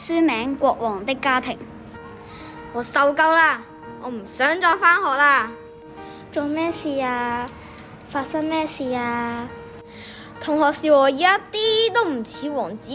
書名《國王的家庭》，我夠，我受夠啦！我唔想再返學啦！做咩事啊？發生咩事啊？同學笑我一啲都唔似王子，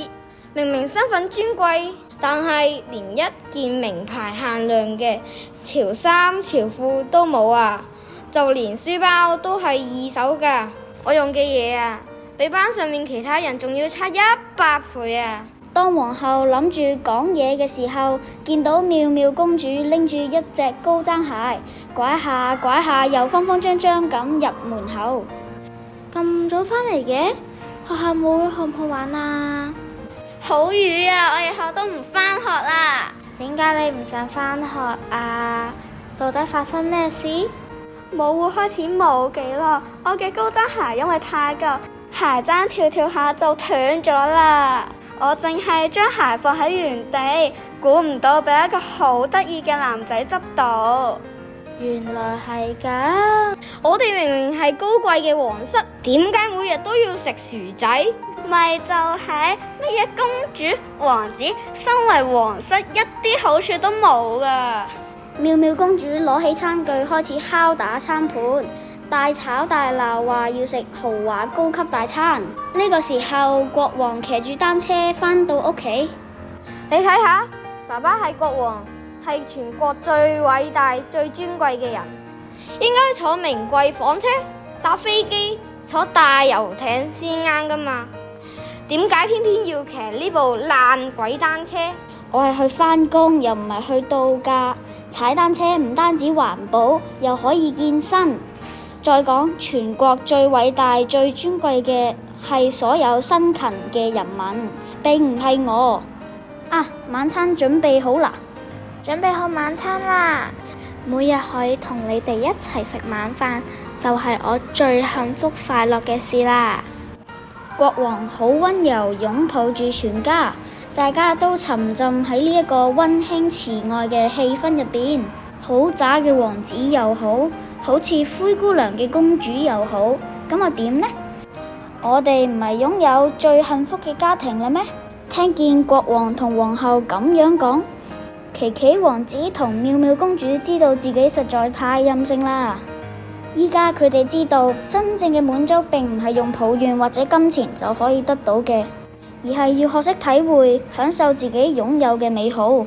明明身份尊貴，但係連一件名牌限量嘅潮衫、潮褲都冇啊！就連書包都係二手㗎，我用嘅嘢啊，比班上面其他人仲要差一百倍啊！當皇后諗住講嘢嘅時候，見到妙妙公主拎住一隻高踭鞋，拐下拐下又慌慌張張咁入門口。咁早返嚟嘅？學校舞會好唔好玩啊？好雨啊！我以後都唔返學啦。點解你唔想返學啊？到底發生咩事？舞會開始冇幾耐，我嘅高踭鞋因為太舊。鞋踭跳跳下就斷咗啦！我淨係將鞋放喺原地，估唔到俾一個好得意嘅男仔執到。原來係咁，我哋明明係高貴嘅皇室，點解每日都要食薯仔？咪就係乜嘢公主王子，身為皇室一啲好處都冇噶。妙妙公主攞起餐具開始敲打餐盤。大吵大鬧，話要食豪華高級大餐。呢個時候，國王騎住單車返到屋企。你睇下，爸爸係國王，係全國最偉大、最尊貴嘅人，應該坐名貴房車、搭飛機、坐大遊艇先啱噶嘛？點解偏偏要騎呢部爛鬼單車？我係去翻工，又唔係去度假。踩單車唔單止環保，又可以健身。再講，全國最偉大最尊貴嘅係所有辛勤嘅人民，並唔係我啊！晚餐準備好啦，準備好晚餐啦！每日可以同你哋一齊食晚飯，就係、是、我最幸福快樂嘅事啦！國王好温柔，擁抱住全家，大家都沉浸喺呢一個温馨慈愛嘅氣氛入邊，好渣嘅王子又好。好似灰姑娘嘅公主又好，咁又點呢？我哋唔係擁有最幸福嘅家庭啦咩？聽見國王同皇后咁樣講，琪琪王子同妙妙公主知道自己實在太任性啦。依家，佢哋知道真正嘅滿足並唔係用抱怨或者金錢就可以得到嘅，而係要學識體會享受自己擁有嘅美好。